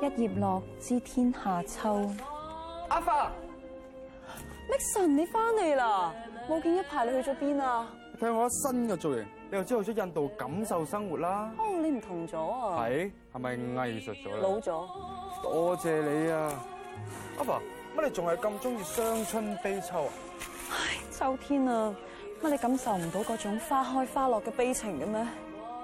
一葉落，知天下秋。阿爸，Victor，你翻嚟啦？冇見一排，你去咗邊啊？睇我一新嘅造型，你又知道咗印度感受生活啦。哦，你唔同咗啊？係，係咪藝術咗咧？老咗了。多謝你啊，阿爸。乜你仲係咁中意傷春悲秋啊？唉，秋天啊，乜你感受唔到嗰種花開花落嘅悲情嘅咩？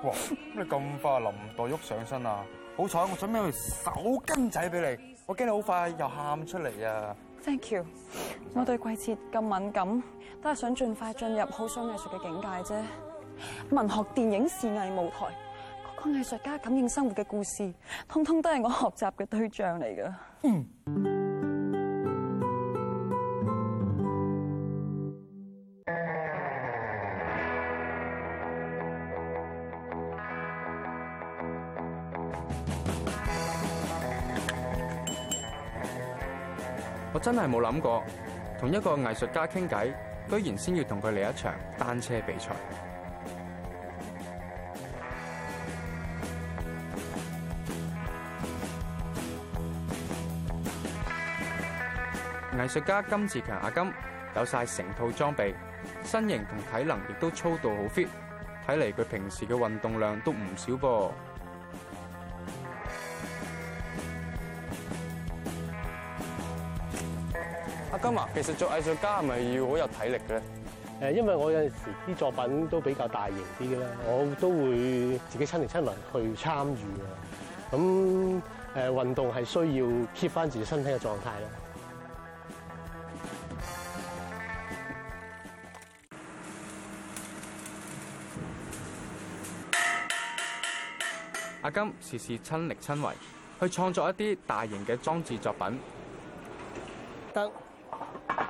哇！咩咁快林黛玉上身啊？好彩我準備條手巾仔俾你，我驚你好快又喊出嚟啊！Thank you， 我對季節咁敏感，都係想盡快進入好想藝術嘅境界啫。文學、電影、視藝、舞台，各個藝術家感應生活嘅故事，通通都係我學習嘅對象嚟㗎。嗯。真係冇諗過，同一個藝術家傾偈，居然先要同佢嚟一場單車比賽。藝術 家甘志強阿甘有晒成套裝備，身形同體能亦都操到好 fit，睇嚟佢平時嘅運動量都唔少噃。金啊，其實做藝術家係咪要好有體力嘅咧？誒，因為我有陣時啲作品都比較大型啲嘅啦，我都會自己親力親為去參與嘅。咁誒、呃，運動係需要 keep 翻自己身體嘅狀態咯。阿金時時親力親為去創作一啲大型嘅裝置作品，得。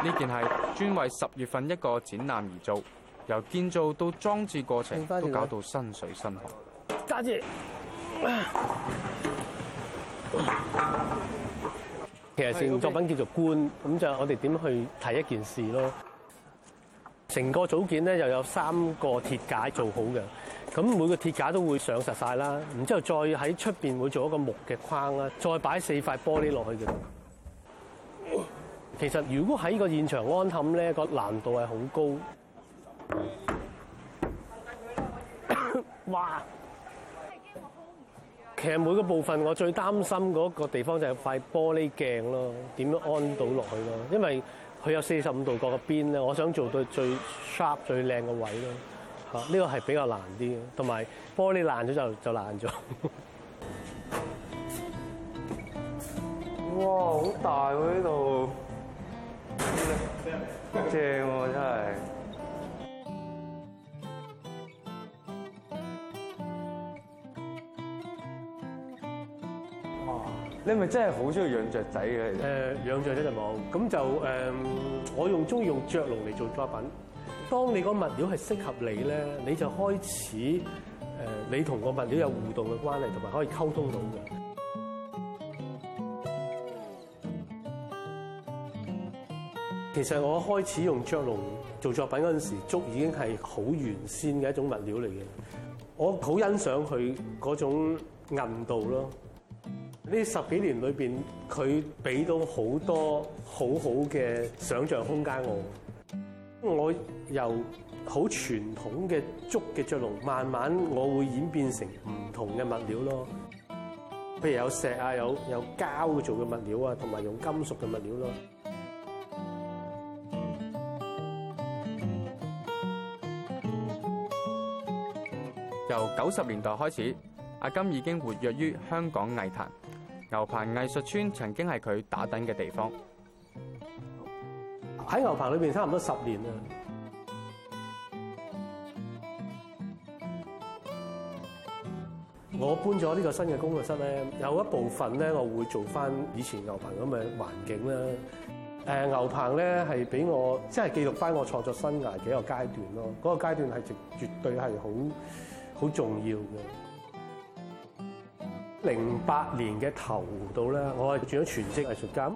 呢件係專為十月份一個展覽而做，由建造到裝置過程都搞到身水身汗。揸住，其實成個作品叫做觀，咁就係我哋點去睇一件事咯。成個組件咧又有三個鐵架做好嘅，咁每個鐵架都會上實晒啦，然之後再喺出邊會做一個木嘅框啦，再擺四塊玻璃落去嘅。其實如果喺個現場安冚咧，個難度係好高。哇！其實每個部分我最擔心嗰個地方就係塊玻璃鏡咯，點樣安到落去咯？因為佢有四十五度角嘅邊咧，我想做到最 sharp 最靚嘅位咯。嚇，呢個係比較難啲嘅，同埋玻璃爛咗就就爛咗。哇！好大喎呢度～正喎，真係。哇！你係咪真係好中意養雀仔嘅？誒、嗯，養雀仔就冇。咁就誒、嗯，我用中意用雀籠嚟做作品。當你個物料係適合你咧，你就開始誒、呃，你同個物料有互動嘅關係，同埋可以溝通到嘅。其實我開始用雀籠做作品嗰陣時候，竹已經係好原先嘅一種物料嚟嘅。我好欣賞佢嗰種韌度咯。呢十幾年裏邊，佢俾到好多好好嘅想像空間我。我由好傳統嘅竹嘅雀籠，慢慢我會演變成唔同嘅物料咯。譬如有石啊，有有膠做嘅物料啊，同埋用金屬嘅物料咯。九十年代開始，阿金已經活躍於香港藝壇。牛棚藝術村曾經係佢打躉嘅地方。喺牛棚裏邊差唔多十年啦。 我搬咗呢個新嘅工作室咧，有一部分咧，我會做翻以前牛棚咁嘅環境啦。誒，牛棚咧係俾我即係記錄翻我創作生涯幾個階段咯。嗰、那個階段係絕絕對係好好重要嘅。零八年嘅頭度咧，我係轉咗全職藝術家。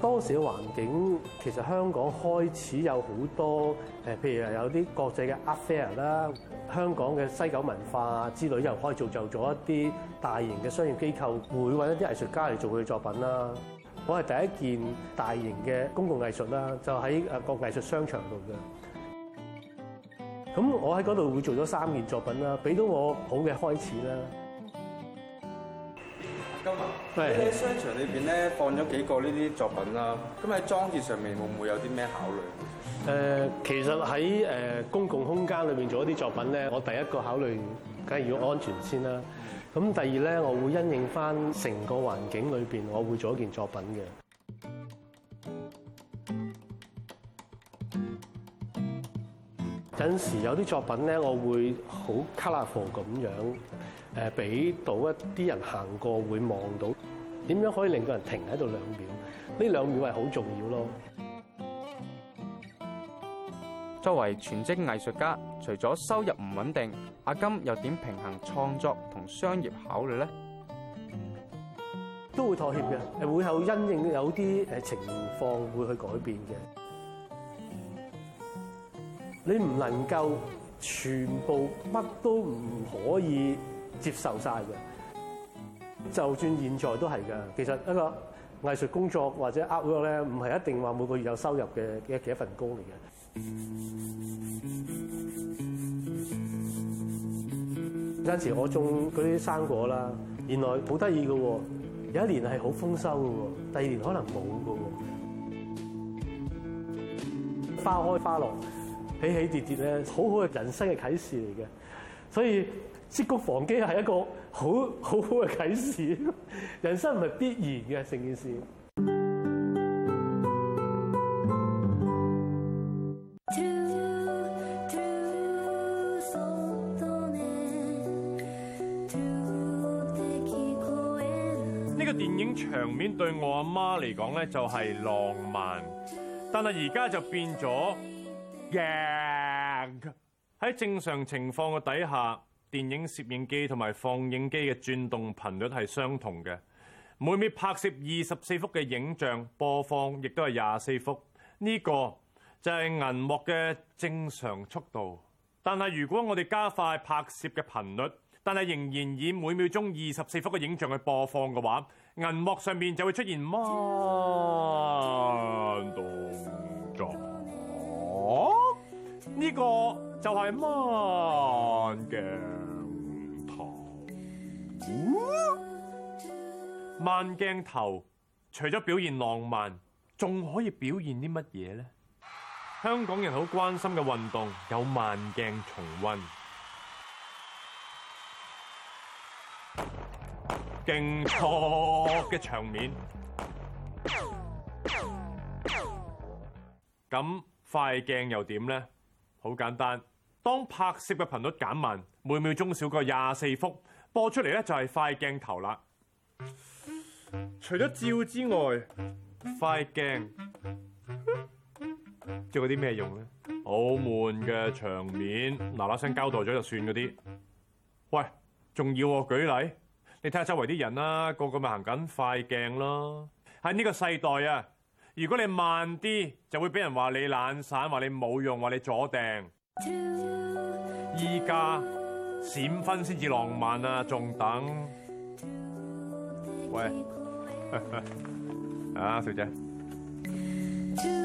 當時嘅環境其實香港開始有好多誒，譬如有啲國際嘅 art fair 啦，香港嘅西九文化之類，又可以造就咗一啲大型嘅商業機構會搵一啲藝術家嚟做佢嘅作品啦。我係第一件大型嘅公共藝術啦，就喺誒個藝術商場度嘅。咁我喺嗰度會做咗三件作品啦，俾到我好嘅開始啦。今日喺商場裏邊咧放咗幾個呢啲作品啦，咁喺裝置上面會唔會有啲咩考慮？誒，其實喺誒公共空間裏邊做一啲作品咧，我第一個考慮梗係要安全先啦。咁第二咧，我會因應返成個環境裏邊，我會做一件作品嘅。有陣時有啲作品咧，我會好 colourful 咁樣，誒俾到一啲人行過會望到，點樣可以令個人停喺度兩秒？呢兩秒係好重要咯。作為全職藝術家，除咗收入唔穩定，阿金又點平衡創作同商業考慮咧？都會妥協嘅，會有因應有啲誒情況會去改變嘅。你唔能夠全部乜都唔可以接受曬嘅，就算現在都係嘅。其實一個藝術工作或者 work 咧，唔係一定話每個月有收入嘅嘅嘅一份工嚟嘅。有陣時我種嗰啲生果啦，原來好得意嘅喎，有一年係好豐收㗎喎，第二年可能冇㗎喎，花開花落。起起跌跌咧，好好嘅人生嘅啟示嚟嘅，所以積穀防饑係一個好好好嘅啟示，人生唔係必然嘅成件事。呢個電影場面對我阿媽嚟講咧，就係浪漫，但係而家就變咗。喺、yeah. 正常情況嘅底下，電影攝影機同埋放映機嘅轉動頻率係相同嘅，每秒拍攝二十四幅嘅影像，播放亦都係廿四幅。呢、這個就係銀幕嘅正常速度。但係如果我哋加快拍攝嘅頻率，但係仍然以每秒鐘二十四幅嘅影像去播放嘅話，銀幕上面就會出現 motion 呢個就係慢鏡頭。哦、慢鏡頭除咗表現浪漫，仲可以表現啲乜嘢呢？香港人好關心嘅運動有慢鏡重溫，勁拖嘅場面。咁快鏡又點呢？好簡單，當拍攝嘅頻率減慢，每秒鐘少過廿四幅，播出嚟咧就係快鏡頭啦。除咗照之外，快鏡，做過啲咩用咧？好悶嘅場面，嗱嗱聲交代咗就算嗰啲。喂，仲要喎，舉例，你睇下周圍啲人啦，個個咪行緊快鏡咯。喺呢個世代啊！如果你慢啲，就會俾人話你懶散，話你冇用，話你阻掟。而家閃婚先至浪漫啊，仲等。喂， 啊小姐。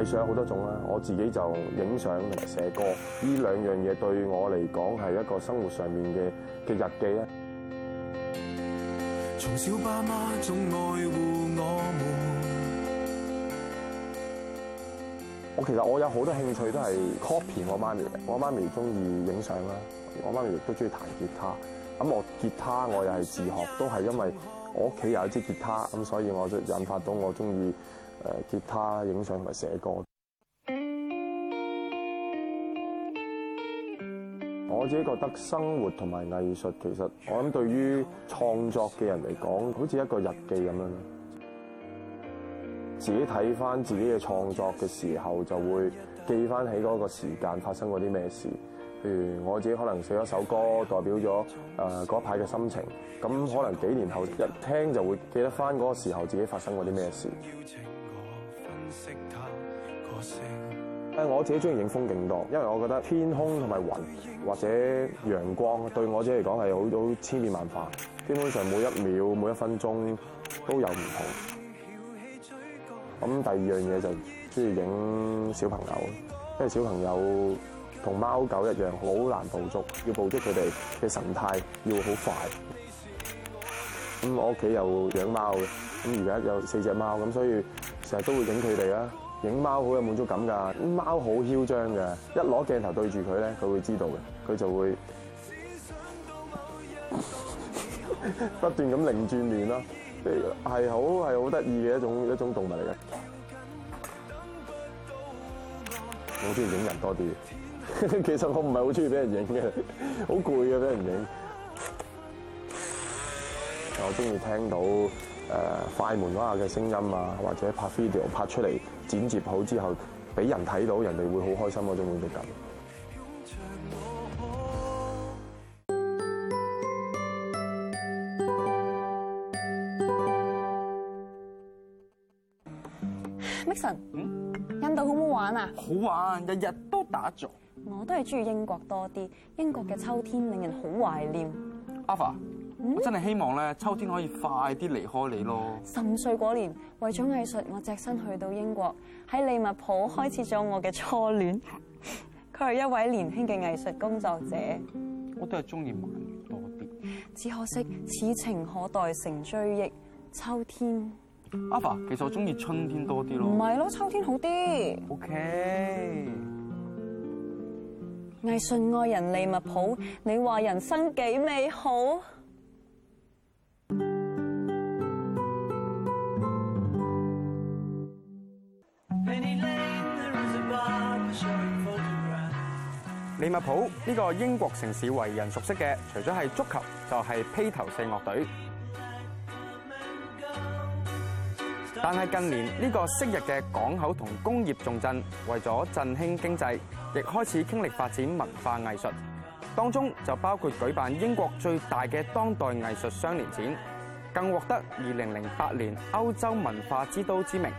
係上好多種啦，我自己就影相同埋寫歌，呢兩樣嘢對我嚟講係一個生活上面嘅嘅日記啦。從小爸愛護我，我其實我有好多興趣都係 copy 我媽咪，我媽咪中意影相啦，我媽咪亦都中意彈吉他。咁我吉他我又係自學，都係因為我屋企有一支吉他，咁所以我就引發到我中意。誒吉他、影相同埋寫歌。我自己覺得生活同埋藝術其實，我諗對於創作嘅人嚟講，好似一個日記咁樣。自己睇翻自己嘅創作嘅時候，就會記翻起嗰個時間發生過啲咩事。譬如我自己可能寫咗首歌，代表咗誒嗰一排嘅心情。咁可能幾年後一聽就會記得翻嗰個時候自己發生過啲咩事。誒，我自己中意影風景多，因為我覺得天空同埋雲或者陽光對我自己嚟講係好好千變萬化，基本上每一秒每一分鐘都有唔同。咁第二樣嘢就中意影小朋友，因為小朋友同貓狗一樣好難捕捉，要捕捉佢哋嘅神態要好快。咁我屋企有養貓嘅，咁而家有四隻貓，咁所以。成日都會影佢哋啊。影貓好有滿足感噶，貓好囂張嘅，一攞鏡頭對住佢咧，佢會知道嘅，佢就會不斷咁擰轉面咯，即係係好係好得意嘅一種一種動物嚟嘅。我中意影人多啲，其實我唔係好中意俾人影嘅，好攰嘅俾人影。我中意聽到。誒、uh，快門哇嘅聲音啊，或者拍 video 拍出嚟剪接好之後，俾人睇到，人哋會好開心嗰種感覺。Mixon，嗯，印度好唔好玩啊？好玩，日日都打坐。我都係鍾意英國多啲，英國嘅秋天令人好懷念。a 我真係希望咧，秋天可以快啲離開你咯。十五歲嗰年，為咗藝術，我隻身去到英國，喺利物浦開始咗我嘅初戀。佢 係一位年輕嘅藝術工作者。我都係中意慢鏡多啲。只可惜此情可待成追憶，秋天。阿爸，其實我中意春天多啲咯。唔係咯，秋天好啲。OK。藝術愛人利物浦，你話人生幾美好？利物浦呢個英國城市為人熟悉嘅，除咗係足球，就係披頭四樂隊。但係近年呢個昔日嘅港口同工業重鎮，為咗振興經濟，亦開始傾力發展文化藝術，當中就包括舉辦英國最大嘅當代藝術雙年展，更獲得二零零八年歐洲文化之都之名。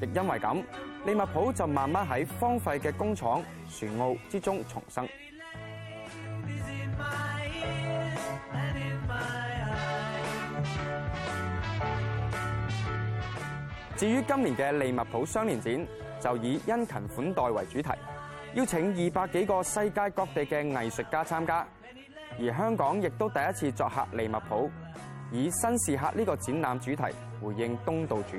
亦因為咁。利物浦就慢慢喺荒廢嘅工廠船澳之中重生。至於今年嘅利物浦雙年展，就以殷勤款待為主題，邀請二百幾個世界各地嘅藝術家參加，而香港亦都第一次作客利物浦以，以新視客呢、這個展覽主題回應東道主。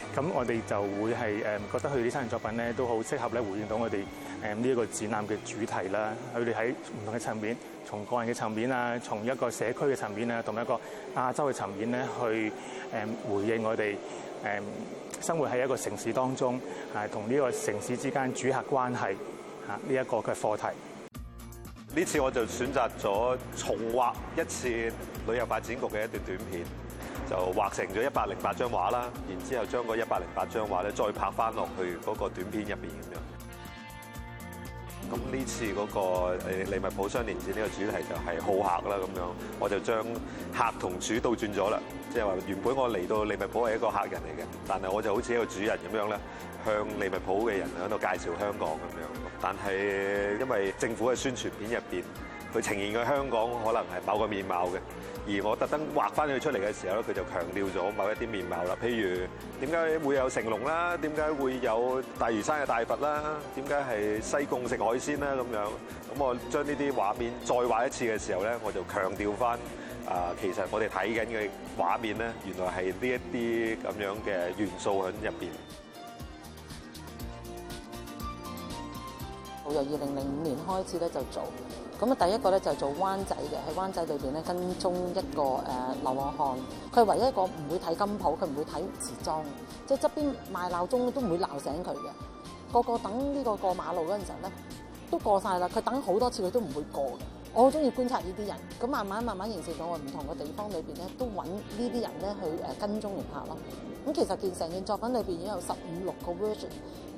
咁我哋就會係誒覺得佢哋啲三件作品咧，都好適合咧，回應到我哋誒呢一個展覽嘅主題啦。佢哋喺唔同嘅層面，從個人嘅層面啊，從一個社區嘅層面啊，同一個亞洲嘅層面咧，去誒回應我哋誒生活喺一個城市當中，係同呢個城市之間主客關係嚇呢一個嘅課題。呢次我就選擇咗重畫一次。旅遊發展局嘅一段短片，就畫成咗一百零八張畫啦，然之後將嗰一百零八張畫咧再拍翻落去嗰個短片入邊咁樣。咁呢次嗰個利物浦雙年展呢個主題就係好客啦咁樣，我就將客同主倒轉咗啦，即係話原本我嚟到利物浦係一個客人嚟嘅，但係我就好似一個主人咁樣咧，向利物浦嘅人喺度介紹香港咁樣。但係因為政府嘅宣傳片入邊。佢呈現嘅香港可能係某個面貌嘅，而我特登畫翻佢出嚟嘅時候咧，佢就強調咗某一啲面貌啦。譬如點解會有成龍啦？點解會有大嶼山嘅大佛啦？點解係西貢食海鮮啦？咁樣，咁我將呢啲畫面再畫一次嘅時候咧，我就強調翻啊，其實我哋睇緊嘅畫面咧，原來係呢一啲咁樣嘅元素喺入邊。好，由二零零五年開始咧就做了。咁啊，第一個咧就係、是、做灣仔嘅。喺灣仔裏邊咧跟蹤一個誒流浪漢，佢、呃、係唯一一個唔會睇金鋪，佢唔會睇時裝，即係側邊賣鬧鐘都唔會鬧醒佢嘅。個個等呢個過馬路嗰陣時候咧，都過晒啦。佢等好多次，佢都唔會過嘅。我好中意觀察呢啲人，咁慢慢慢慢形成咗我唔同嘅地方裏邊咧，都揾呢啲人咧去誒跟蹤嚟拍咯。咁其實見成件作品裏邊已經有十五六個 version，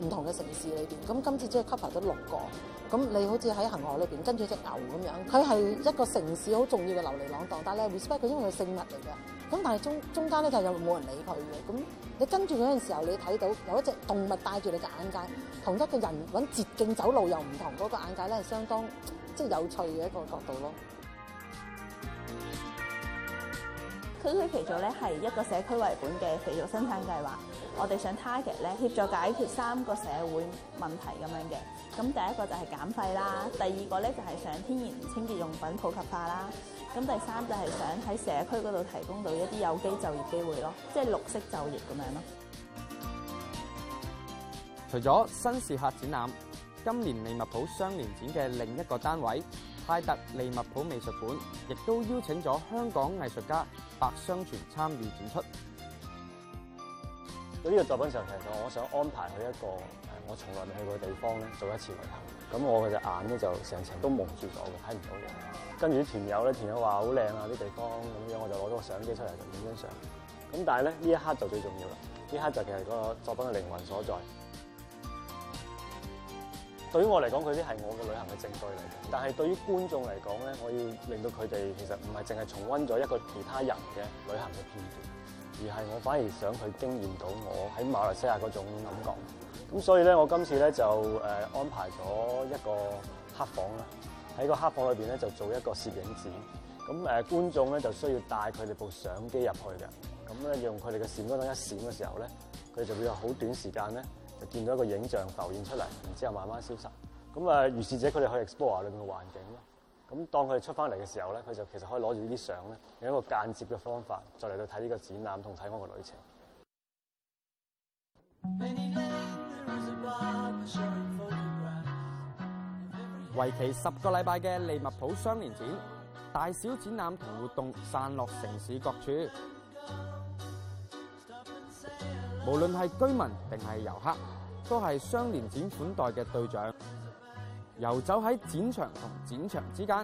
唔同嘅城市裏邊。咁今次只係 cover 咗六個。咁你好似喺恆河裏邊跟住隻牛咁樣，佢係一個城市好重要嘅流離浪蕩，但係咧 respect 佢因為佢聖物嚟嘅。咁但係中中間咧就有冇人理佢嘅。咁你跟住嗰陣時候，你睇到有一隻動物帶住你嘅眼界，同一個人揾捷徑走路又唔同，嗰、嗰個眼界咧係相當。即有趣嘅一個角度咯。區區肥皂咧係一個社區為本嘅肥皂生產計劃。我哋想 target 咧協助解決三個社會問題咁樣嘅。咁第一個就係減廢啦，第二個咧就係想天然清潔用品普及化啦。咁第三就係想喺社區嗰度提供到一啲有機就業機會咯，即係綠色就業咁樣咯。除咗新時客展覽。今年利物浦雙年展嘅另一個單位泰特利物浦美術館，亦都邀請咗香港藝術家白雙全參與展出。呢個作品嘅，其實我想安排去一個我從來未去過嘅地方咧，做一次旅行。咁我嘅隻眼咧就成程都蒙住咗嘅，睇唔到嘢。跟住啲團友咧，團友話好靚啊，啲地方咁樣，我就攞咗個相機出嚟就影張相。咁但係咧，呢一刻就最重要啦，呢一刻就係其實個作品嘅靈魂所在。對於我嚟講，佢啲係我嘅旅行嘅證據嚟嘅。但係對於觀眾嚟講咧，我要令到佢哋其實唔係淨係重溫咗一個其他人嘅旅行嘅片段，而係我反而想佢經驗到我喺馬來西亞嗰種感覺。咁、嗯、所以咧，我今次咧就誒安排咗一個黑房啦，喺個黑房裏面咧就做一個攝影展。咁誒觀眾咧就需要帶佢哋部相機入去嘅。咁咧用佢哋嘅閃光燈一閃嘅時候咧，佢就會有好短時間咧。見到一個影像浮現出嚟，然之後慢慢消失。咁啊，預示者佢哋可以 explorer 裏面嘅環境咯。咁當佢哋出翻嚟嘅時候咧，佢就其實可以攞住呢啲相咧，用一個間接嘅方法，就嚟到睇呢個展覽同睇我嘅旅程。為期十個禮拜嘅利物浦雙年展，大小展覽同活動散落城市各處。無論係居民定係遊客，都係雙年展款待嘅對象。遊走喺展場同展場之間，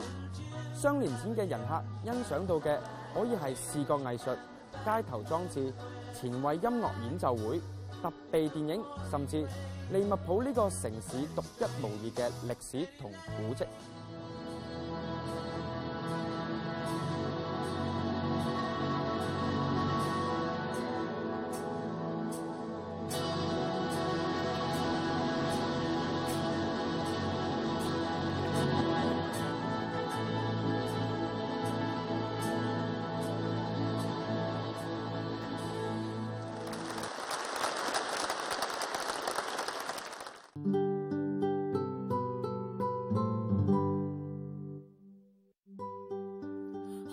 雙年展嘅人客欣賞到嘅可以係視覺藝術、街頭裝置、前衛音樂演奏會、特備電影，甚至利物浦呢個城市獨一無二嘅歷史同古蹟。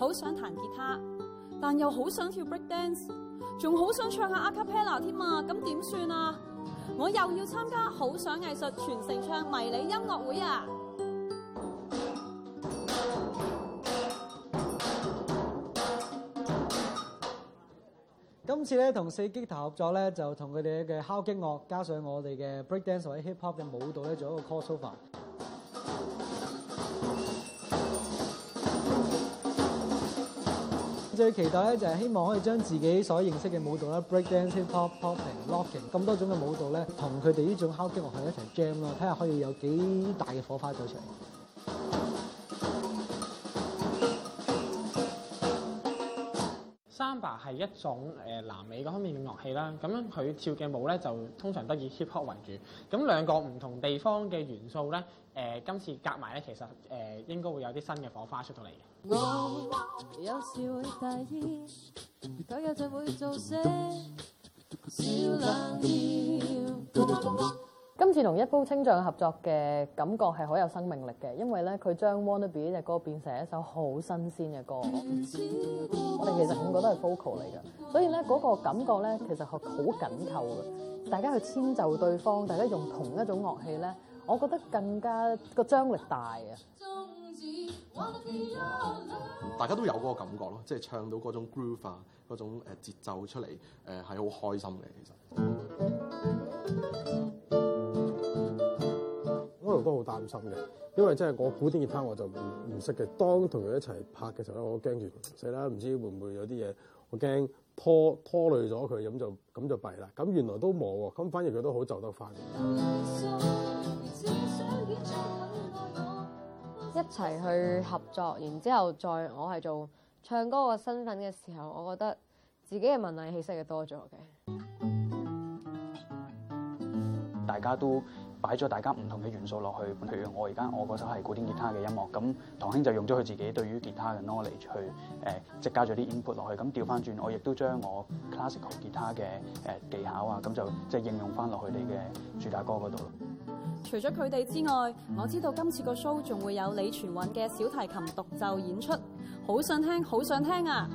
好想彈吉他，但又好想跳 break dance，仲好想唱下 a cappella 添啊？咁點算啊？我又要參加好想藝術全城唱迷你音樂會啊！今次咧同四擊頭合作咧，就同佢哋嘅敲擊樂，加上我哋嘅 break dance 或者 hip hop 嘅舞蹈，咧做一個 crossover。我最期待咧，就係希望可以將自己所認識嘅舞蹈啦 break dancing、popping、and locking 咁多種嘅舞蹈咧，同佢哋呢種敲擊樂器一齊 jam 咯，睇下可以有幾大嘅火花走出嚟。森巴係一種誒、呃、南美嗰方面嘅樂器啦，咁樣佢跳嘅舞咧就通常都以 hip hop 為主，咁兩個唔同地方嘅元素咧，誒、呃、今次夾埋咧其實誒、呃、應該會有啲新嘅火花出到嚟嘅。今次同一舖清唱合作嘅感覺係好有生命力嘅，因為咧佢將《Wannabe》呢隻歌變成一首好新鮮嘅歌。 我哋其實五個都係 vocal 嚟嘅，所以咧嗰個感覺咧其實好緊扣嘅。大家去遷就對方，大家用同一種樂器咧，我覺得更加個張力大啊、嗯！大家都有嗰個感覺咯，即係唱到嗰種 groove 啊，嗰種誒節奏出嚟，誒係好開心嘅其實。 都好擔心嘅，因為真係我古典吉他我就唔唔識嘅。當同佢一齊拍嘅時候，我驚住死啦，唔知會唔會有啲嘢，我驚拖拖累咗佢，咁就咁就弊啦。咁原來都冇喎，咁反而佢都好就得快。一齊去合作，然之後再我係做唱歌個身份嘅時候，我覺得自己嘅文藝氣息就多咗嘅。大家都。擺咗大家唔同嘅元素落去，譬如我而家我嗰首係古典吉他嘅音樂，咁唐兄就用咗佢自己對於吉他嘅 knowledge 去誒，即加咗啲 input 落去，咁調翻轉我亦都將我 classical 吉他嘅誒、呃、技巧啊，咁就即係、就是、應用翻落去你嘅主打歌嗰度。除咗佢哋之外，我知道今次個 show 仲會有李傳韻嘅小提琴獨奏演出，好想聽，好想聽啊！